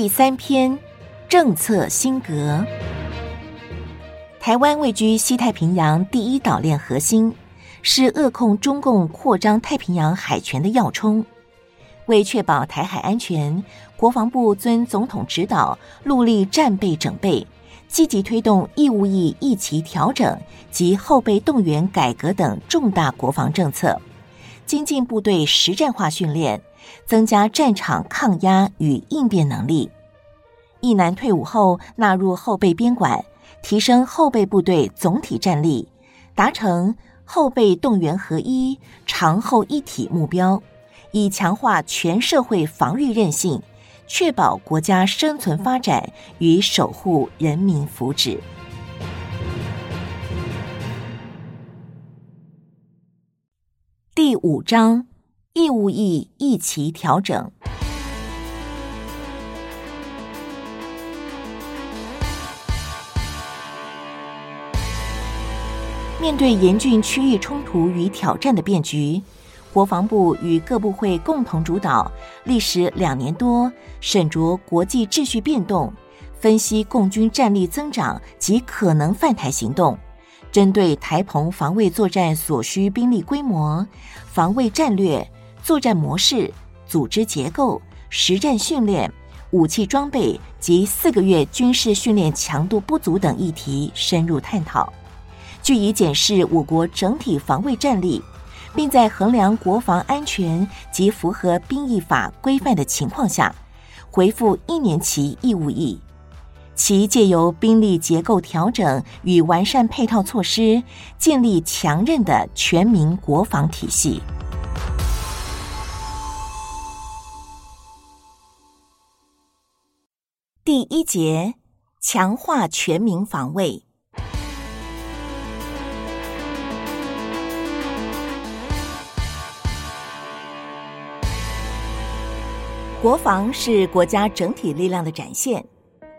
第三篇，政策興革。台灣位居西太平洋第一島鏈核心，是扼控中共擴張太平洋海權的要衝。為確保台海安全，國防部遵總統指導，戮力戰備整備，積極推動義務役役期調整及後備動員改革等重大國防政策，精進部隊實戰化訓練。增加戰場抗壓與應變能力。役男退伍後納入後備編管，提升後備部隊總體戰力，達成後備動員合一、常後一體目標，以強化全社會防禦韌性，確保國家生存發展與守護人民福祉。第五章。義務役役期調整。面對嚴峻區域衝突與挑戰的變局，國防部與各部會共同主導，歷時兩年多，審酌國際秩序變動，分析共軍戰力增長及可能犯臺行動，針對臺澎防衛作戰所需兵力規模、防衛戰略。作戰模式、組織結構、實戰訓練、武器裝備及四個月軍事訓練強度不足等議題深入探討，據以檢視我國整體防衛戰力，並在衡量國防安全及符合兵役法規範的情況下，回復一年期義務役。期藉由兵力結構調整與完善配套措施，建立強韌的全民國防體系。第一節，強化全民防衛。國防是國家整體力量的展現，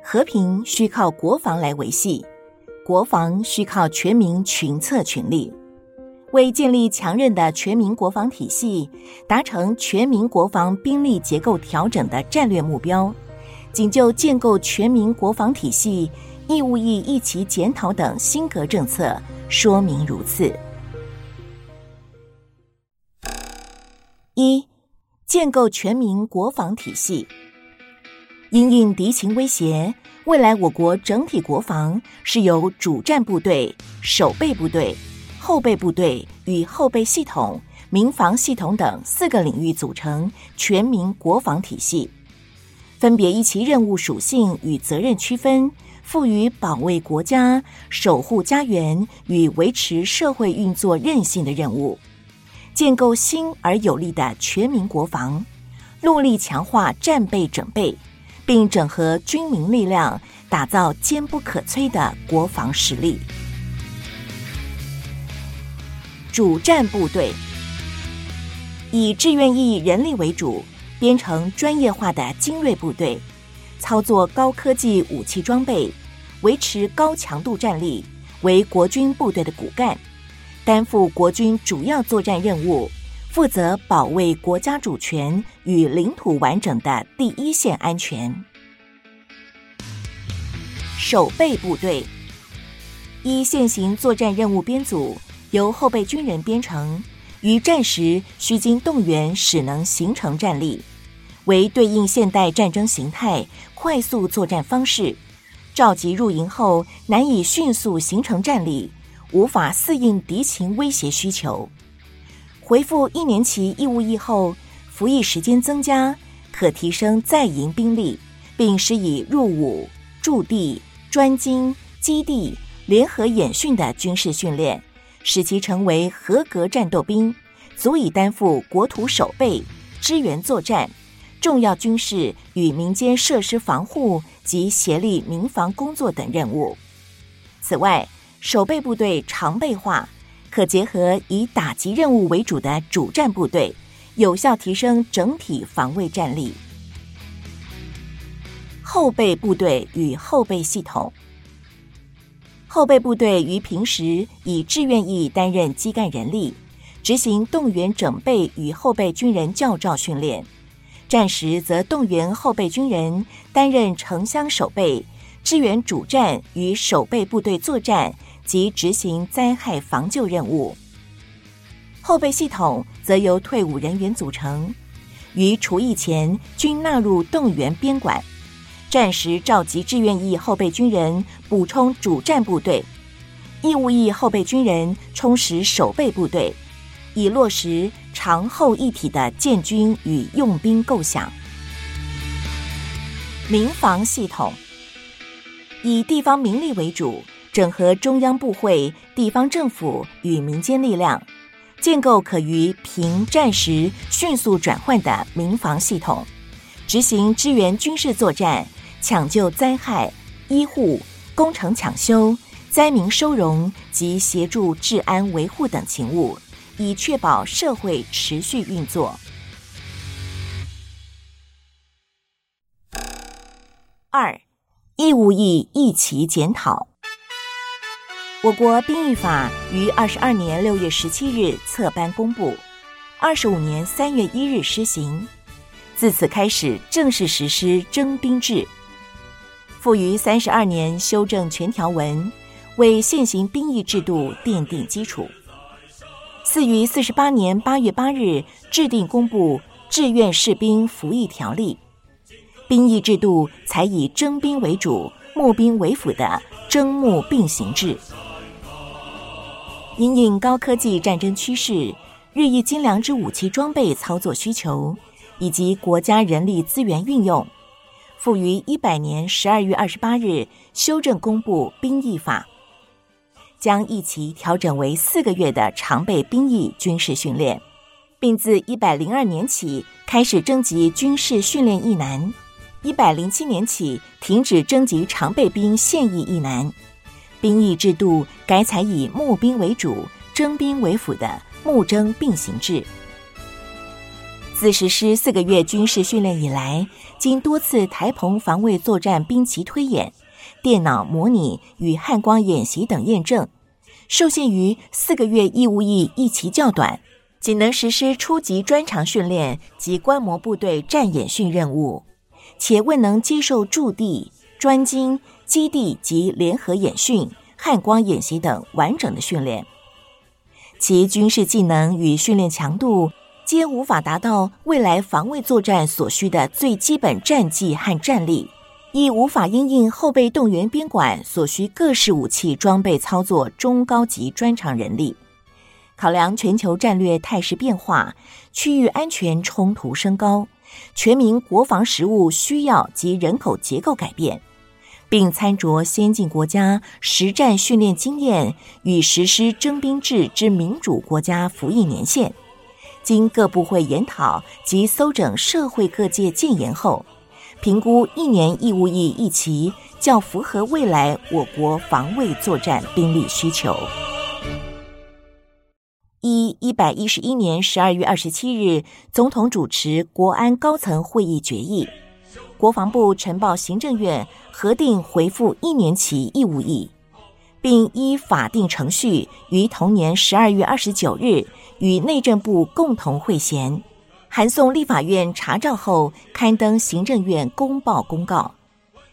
和平需靠國防來維繫，國防需靠全民群策群力。為建立強韌的全民國防體系，達成全民國防兵力結構調整的戰略目標。僅就建構全民國防體系、義務役役期調整等興革政策說明如此。一、建構全民國防體系，因應敵情威脅，未來我國整體國防是由主戰部隊、守備部隊、後備部隊與後備系統、民防系統等四個領域組成全民國防體系。分別依其任務屬性與責任區分，賦予保衛國家、守護家園與維持社會運作韌性的任務，建構新而有力的全民國防，努力強化戰備整備，並整合軍民力量，打造堅不可摧的國防實力。主戰部隊以志願役人力為主。編成專業化的精銳部隊，操作高科技武器裝備，維持高強度戰力，為國軍部隊的骨幹，擔負國軍主要作戰任務，負責保衛國家主權與領土完整的第一線安全。守備部隊依現行作戰任務編組，由後備軍人編成。與戰時需經動員始能形成戰力，為對應現代戰爭形態、快速作戰方式，召集入營後難以迅速形成戰力，無法適應敵情威脅需求。回復一年期義務役後，服役時間增加，可提升在營兵力，並施以入伍、駐地、專精、基地、聯合演訓的軍事訓練。使其成為合格戰鬥兵，足以擔負國土守備、支援作戰、重要軍事與民間設施防護及協力民防工作等任務。此外，守備部隊常備化，可結合以打擊任務為主的主戰部隊，有效提升整體防衛戰力。後備部隊與後備系統。後備部隊於平時以志願役擔任基幹人力，執行動員整備與後備軍人教召訓練；戰時則動員後備軍人擔任城鄉守備、支援主戰與守備部隊作戰及執行災害防救任務。後備系統則由退伍人員組成，於除役前均納入動員編管。戰時召集志願役後備軍人補充主戰部隊，義務役後備軍人充實守備部隊，以落實常後一體的建軍與用兵構想。民防系統以地方民力為主，整合中央部會、地方政府與民間力量，建構可於平戰時迅速轉換的民防系統，執行支援軍事作戰搶救災害、醫護、工程搶修、災民收容及協助治安維護等勤務，以確保社會持續運作。二，義務役役期檢討。我國兵役法於二十二年六月十七日策頒公布，二十五年三月一日施行，自此開始正式實施徵兵制。復於三十二年修正全條文，為現行兵役制度奠定基礎。嗣於四十八年八月八日制定公布《志願士兵服役條例》，兵役制度才以徵兵為主、募兵為輔的徵募并行制。因應高科技戰爭趨勢、日益精良之武器裝備操作需求，以及國家人力資源運用。復於一百年十二月二十八日修正公布兵役法，將役期調整為四個月的常備兵役軍事訓練，並自一百零二年起開始徵集軍事訓練役男，一百零七年起停止徵集常備兵現役役男。兵役制度改採以募兵為主、徵兵為輔的募徵並行制。自實施四個月軍事訓練以來，經多次台澎防衛作戰兵棋推演、電腦模擬與漢光演習等驗證，受限於四個月義務役役期較短，僅能實施初級專長訓練及觀摩部隊戰演訓任務，且未能接受駐地、專精、基地及聯合演訓、漢光演習等完整的訓練，其軍事技能與訓練強度。皆無法達到未來防衛作戰所需的最基本戰技和戰力，亦無法因應後備動員編管所需各式武器裝備操作中高級專長人力。考量全球戰略態勢變化、區域安全衝突升高、全民國防實務需要及人口結構改變，並參酌先進國家實戰訓練經驗與實施徵兵制之民主國家服役年限。經各部會研討及蒐整社會各界建言後，評估一年義務役役期較符合未來我國防衛作戰兵力需求。一一百一十一年十二月二十七日，總統主持國安高層會議決議，國防部呈報行政院核定回復一年期義務役。並依法定程序於同年十二月二十九日與內政部共同會銜，函送立法院查照後，刊登行政院公報公告，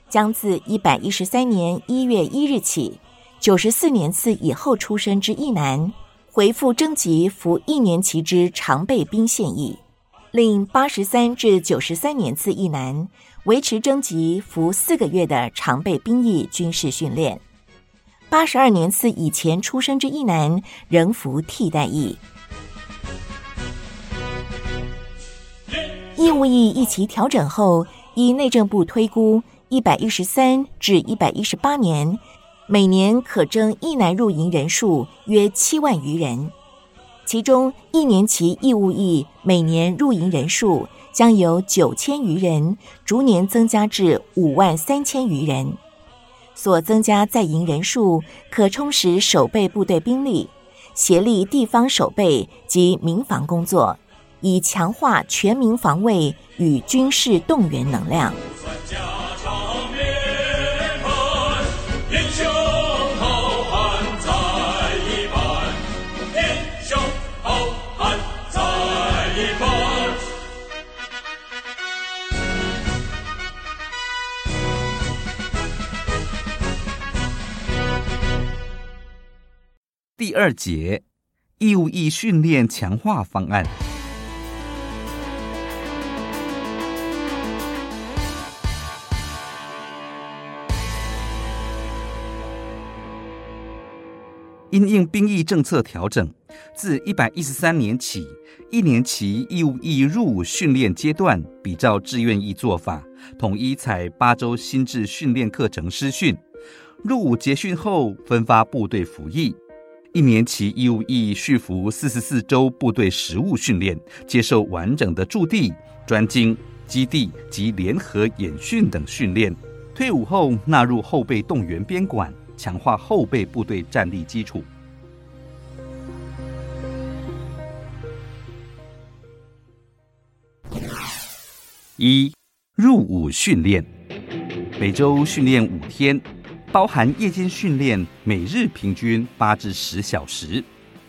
將自一百一十三年一月一日起，九十四年次以後出生之役男，回復徵集服一年期之常備兵現役；令八十三至九十三年次役男維持徵集服四個月的常備兵役軍事訓練。八十二年次以前出生之役男仍服替代役。義務役役期調整後，依內政部推估，一百一十三至一百一十八年，每年可徵役男入營人數約七萬餘人，其中一年期義務役每年入營人數將由九千餘人逐年增加至五萬三千餘人。所增加在營人數，可充實守備部隊兵力，協力地方守備及民防工作，以強化全民防衛與軍事動員能量。第二節義務役訓練強化方案，因應兵役政策調整，自一百一十三年起，一年期義務役入伍訓練階段，比照志願役做法，統一採八周新制訓練課程施訓，入伍結訓後分發部隊服役。一年期義務役馴服四十四周部隊實務訓練，接受完整的駐地、專精、基地及聯合演訓等訓練。退伍後納入後備動員編管，強化後備部隊戰力基礎。一、入伍訓練，每周訓練五天。包含夜間訓練，每日平均八至十小時；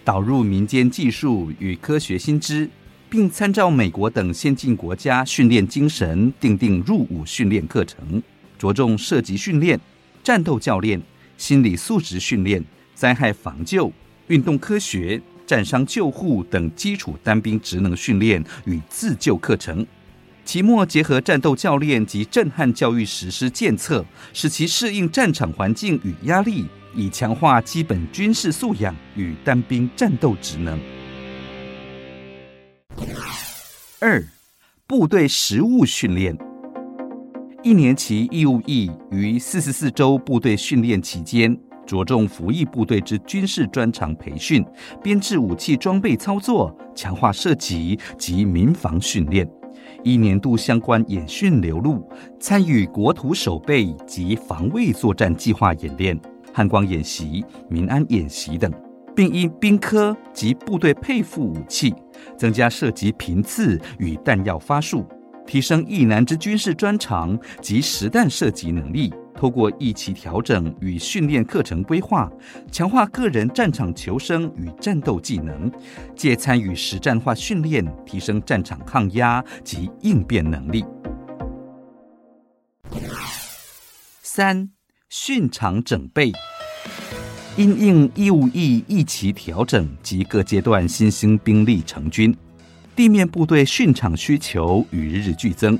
導入民間技術與科學新知，並參照美國等先進國家訓練精神，訂定入伍訓練課程，着重射擊訓練、戰鬥教練、心理素質訓練、災害防救、運動科學、戰傷救護等基礎單兵職能訓練與自救課程。期末結合戰鬥教練及震撼教育實施鑑測，使其適應戰場環境與壓力，以強化基本軍事素養與單兵戰鬥職能。二、部隊實務訓練，一年期義務役於四十四周部隊訓練期間，着重服役部隊之軍事專長培訓、編制武器裝備操作、強化射擊及民防訓練。依年度相關演訓流露，參與國土守備及防衛作戰計劃演練、漢光演習、民安演習等，並依兵科及部隊配賦武器，增加射擊頻次與彈藥發數，提升役男之軍事專長及實彈射擊能力。通過役期調整與訓練課程規劃，強化個人戰場求生與戰鬥技能；借參與實戰化訓練，提升戰場抗壓及應變能力。三、訓場整備。因應義務役役期調整及各階段新興兵力成軍，地面部隊訓場需求與日俱增。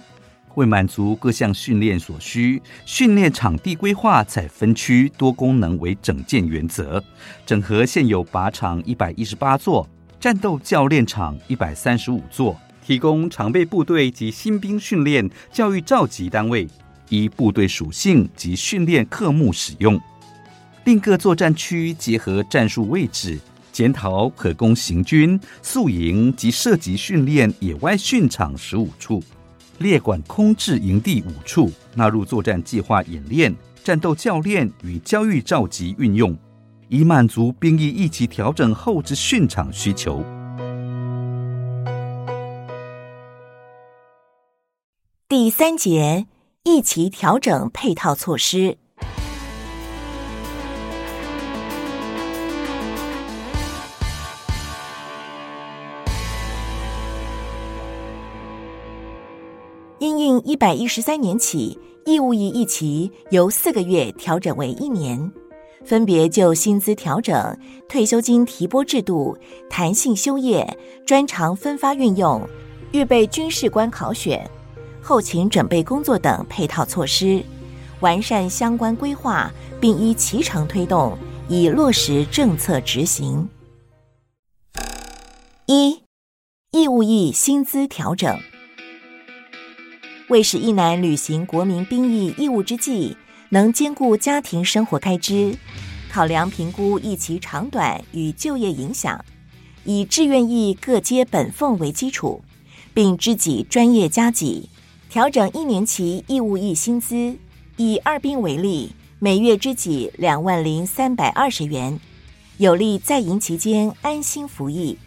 為滿足各項訓練所需，訓練場地規劃採分區多功能為整建原則，整合現有靶場一百一十八座、戰鬥教練場一百三十五座，提供常備部隊及新兵訓練、教育召集單位依部隊屬性及訓練科目使用；另各作戰區結合戰術位置檢討可供行軍、宿營及射擊訓練野外訓場十五處。列管空置營地五處納入作戰計劃演練、戰鬥教練與教育召集運用，以滿足兵役役期調整後之訓場需求。第三節，役期調整配套措施。一百一十三年起，義務役役期由四個月調整為一年，分別就薪資調整、退休金提撥制度、彈性休業、專長分發運用、預備軍事官考選、後勤準備工作等配套措施，完善相關規劃，並依期程推動，以落實政策執行。一，義務役薪資調整。為使役男履行國民兵役義務之際，能兼顧家庭生活開支，考量評估役期長短與就業影響，以志願役各階本俸為基礎，並支給專業加給，調整一年期義務役薪，薪資。以二兵為例，每月支給兩萬零三百二十元，有利在營期間安心服役。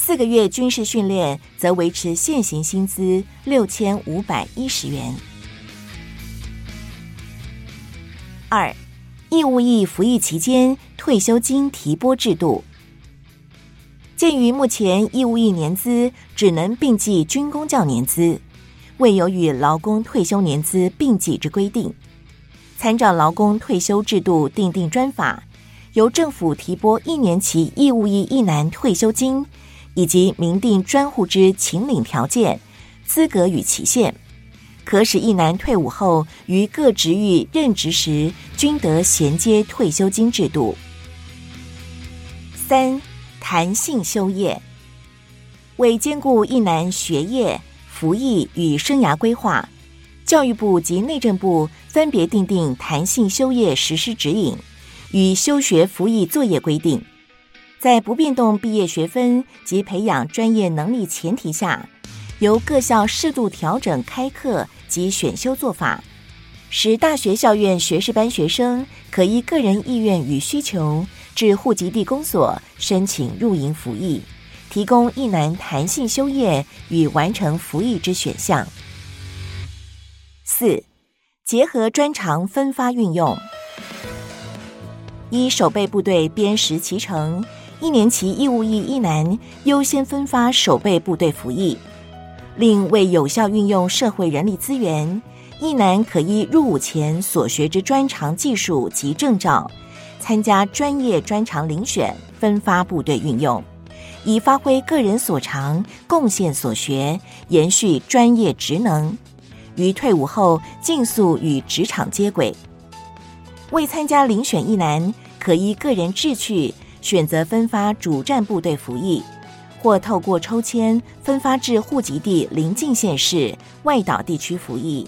四個月軍事訓練則維持現行薪資六千五百一十元。二、義務役服役期間退休金提撥制度。鑑於目前義務役年資只能併計軍公教年資，未有與勞工退休年資併計之規定，參照勞工退休制度訂定專法，由政府提撥一年期義務役役男退休金。以及明定專戶之請領條件、資格與期限，可使役男退伍後於各職域任職時均得銜接退休金制度。三、彈性修業。為兼顧役男學業、服役與生涯規劃，教育部及內政部分別訂定彈性修業實施指引與休學服役作業規定。在不變動畢業學分及培養專業能力前提下，由各校適度調整開課及選修做法，使大學校院學士班學生可依個人意願與需求，至戶籍地公所申請入營服役，提供役男彈性修業與完成服役之選項。四、結合專長分發運用。一、守備部隊編實期程。一年期義務役役男優先分發守備部隊服役。另為有效運用社會人力資源，役男可依入伍前所學之專長、技術及證照，參加專業專長遴選，分發部隊運用，以發揮個人所長，貢獻所學，延續專業職能，於退伍後盡速與職場接軌。未參加遴選役男，可依個人志趣，選擇分發主戰部隊服役，或透過抽籤分發至戶籍地鄰近縣市、外島地區服役，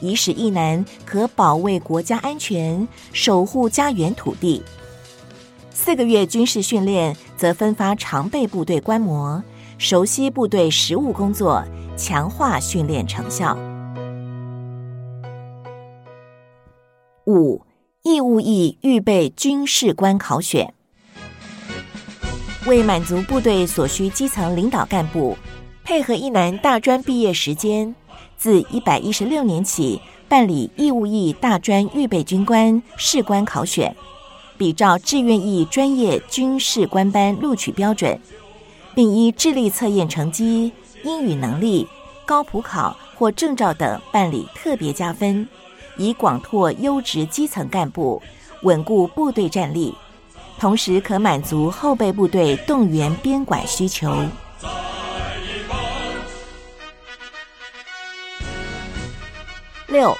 以使役男可保衛國家安全、守護家園土地。四個月軍事訓練則分發常備部隊觀摩，熟悉部隊實務工作，強化訓練成效。五、義務役預備軍事官考選。為滿足部隊所需基層領導幹部，配合役男大專畢業時間，自一百一十六年起辦理義務役大專預備軍官士官考選，比照志願役專業軍事官班錄取標準，並依智力測驗成績、英語能力、高普考或證照等辦理特別加分，以廣拓優質基層幹部，穩固部隊戰力。同時可滿足後備部隊動員編管需求。六、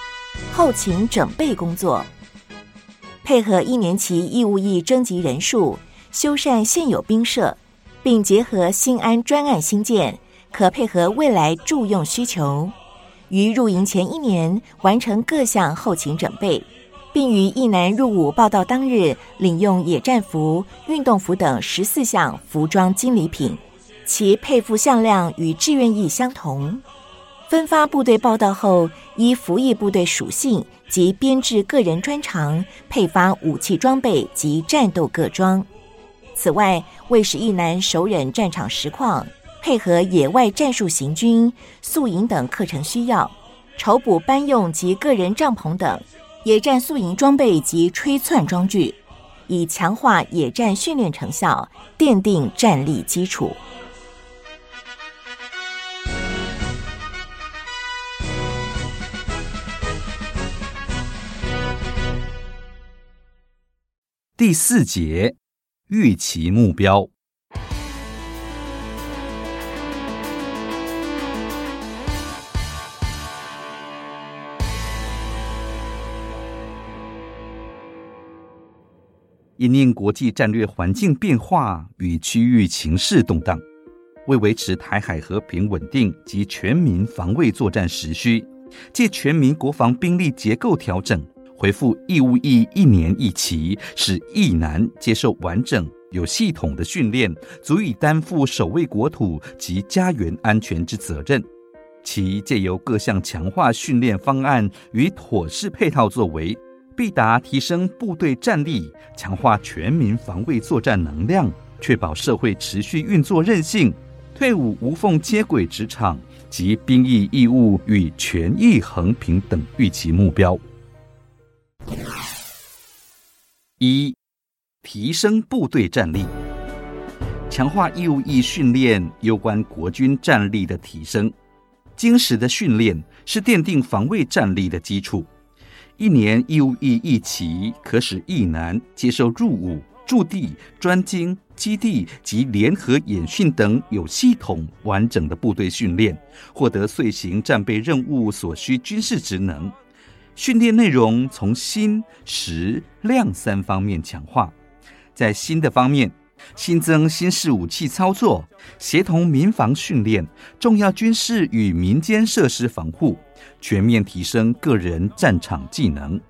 後勤整備工作，配合一年期義務役徵集人數，修繕現有兵舍，並結合新安專案新建，可配合未來駐用需求，於入營前一年完成各項後勤準備。並於役男入伍報到當日領用野戰服、運動服等十四項服裝經理品，其配賦項量與志願役相同。分發部隊報到後，依服役部隊屬性及編制個人專長配發武器裝備及戰鬥個裝。此外，為使役男熟稔戰場實況，配合野外戰術行軍、宿營等課程需要，籌補班用及個人帳篷等。野戰宿營裝備及吹竄裝具，以強化野戰訓練成效，奠定戰力基礎。第四節，預期目標。因應國際戰略環境變化與區域情勢動盪，為維持臺海和平穩定及全民防衛作戰時需，借全民國防兵力結構調整，回復義務役一年一期，使役男接受完整有系統的訓練，足以擔負守衛國土及家園安全之責任。其借由各項強化訓練方案與妥適配套作為。必達提升部隊戰力，強化全民防衛作戰能量，確保社會持續運作韌性，退伍無縫接軌職場及兵役義務與權益衡平等預期目標。一、提升部隊戰力，強化義務役訓練，攸關國軍戰力的提升。精實的訓練是奠定防衛戰力的基礎。一年義務役役期，可使役男接受入伍、駐地、專精、基地及聯合演訓等有系統完整的部隊訓練，獲得遂行戰備任務所需軍事職能。訓練內容從新、實、量三方面強化，在新的方面，新增新式武器操作、協同民防訓練、重要軍事與民間設施防護。全面提升個人戰場技能，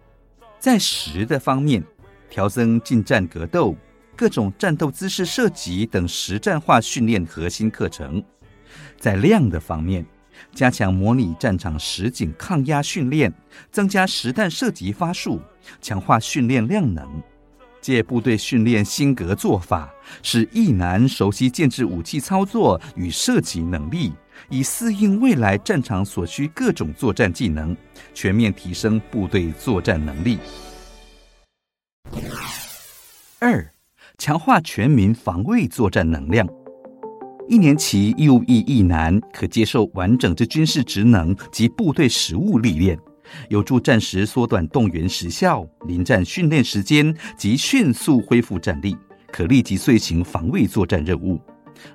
在實的方面，調增近戰格鬥、各種戰鬥姿勢射擊等實戰化訓練核心課程；在量的方面，加強模擬戰場實景抗壓訓練，增加實彈射擊發數，強化訓練量能。借部隊訓練興革做法，使役男熟悉建制武器操作與射擊能力。以適應未來戰場所需各種作戰技能，全面提升部隊作戰能力。二、強化全民防衛作戰能量。一年期義務役役男可接受完整的軍事職能及部隊實務歷練，有助戰時縮短動員時效、臨戰訓練時間及迅速恢復戰力，可立即遂行防衛作戰任務。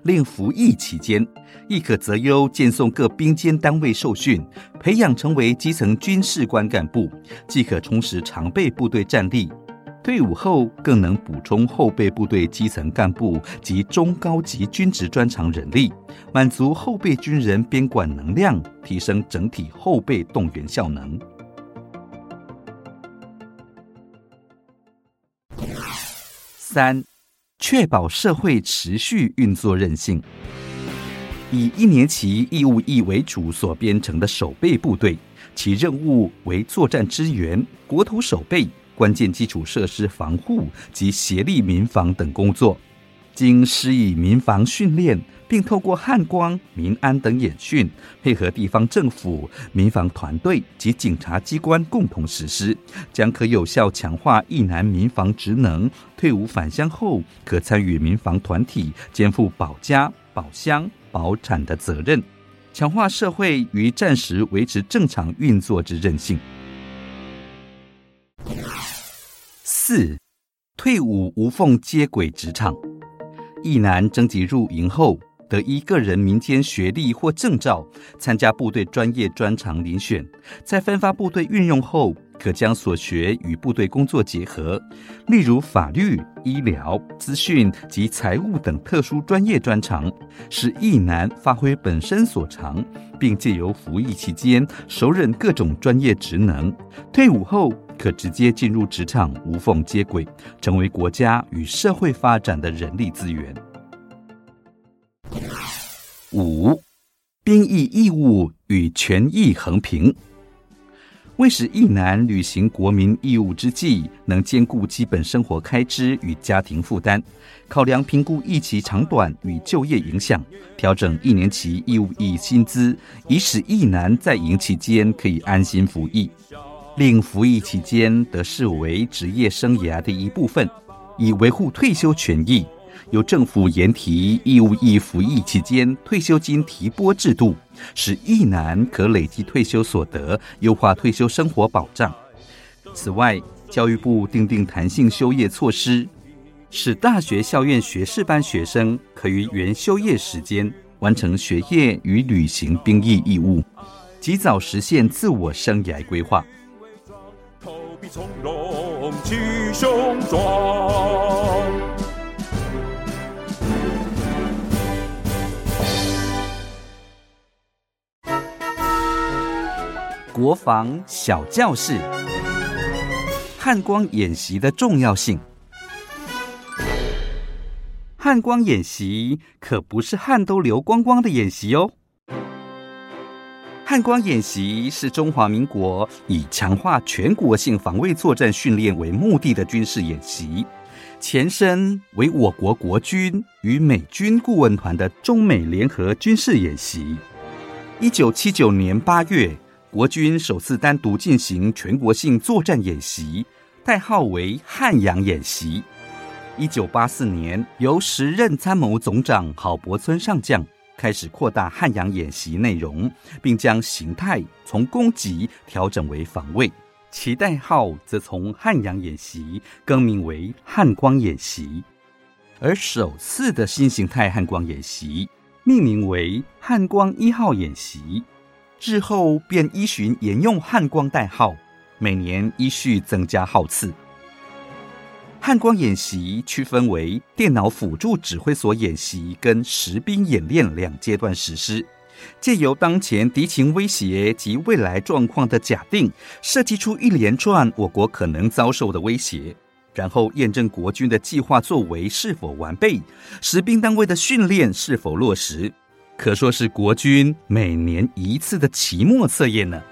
另服役期間，亦可擇優薦送各兵監單位受訓，培養成為基層軍士官幹部，即可充實常備部隊戰力；退伍後更能補充後備部隊基層幹部及中高級軍職專長人力，滿足後備軍人編管能量，提升整體後備動員效能。三、確保社會持續運作韌性。以一年期義務役為主所編成的守備部隊，其任務為作戰支援、國土守備、關鍵基礎設施防護及協力民防等工作。經施以民防訓練，並透過漢光、民安等演訓，配合地方政府、民防團隊及警察機關共同實施，將可有效強化役男民防職能。退伍返鄉後，可參與民防團體，肩負保家、保鄉、保產的責任，強化社會於戰時維持正常運作之韌性。四、退伍無縫接軌職場。役男徵集入營後，得依個人民間學歷或證照，參加部隊專業專長遴選，在分發部隊運用後，可將所學與部隊工作結合，例如法律、醫療、資訊及財務等特殊專業專長，使役男發揮本身所長，並借由服役期間熟稔各種專業職能，退伍後。可直接進入職場，無縫接軌，成為國家與社會發展的人力資源。五、兵役義務與權益衡平，為使役男履行國民義務之際，能兼顧基本生活開支與家庭負擔，考量評估役期長短與就業影響，調整一年期義務役薪資，以使役男在營期間可以安心服役。令服役期間得視為職業生涯的一部分，以維護退休權益。由政府研提義務役服役期間退休金提撥制度，使役男可累積退休所得，優化退休生活保障。此外，教育部訂定彈性修業措施，使大學校院學士班學生可於原修業時間完成學業與履行兵役義務，及早實現自我生涯規劃。從容氣雄壯。國防小教室，漢光演習的重要性。漢光演習可不是汗都流光光的演習哦。漢光演習是中華民國以強化全國性防衛作戰訓練為目的的軍事演習，前身為我國國軍與美軍顧問團的中美聯合軍事演習。一九七九年八月，國軍首次單獨進行全國性作戰演習，代號為漢陽演習。一九八四年，由時任參謀總長郝柏村上將。開始擴大漢陽演習內容，並將形態從攻擊調整為防衛，其代號則從漢陽演習更名為漢光演習，而首次的新形態漢光演習命名為漢光一號演習，之後便依循沿用漢光代號，每年依序增加號次。漢光演習區分為電腦輔助指揮所演習跟實兵演練兩階段實施，借由當前敵情威脅及未來狀況的假定，設計出一連串我國可能遭受的威脅，然後驗證國軍的計劃作為是否完備，實兵單位的訓練是否落實，可說是國軍每年一次的期末測驗呢？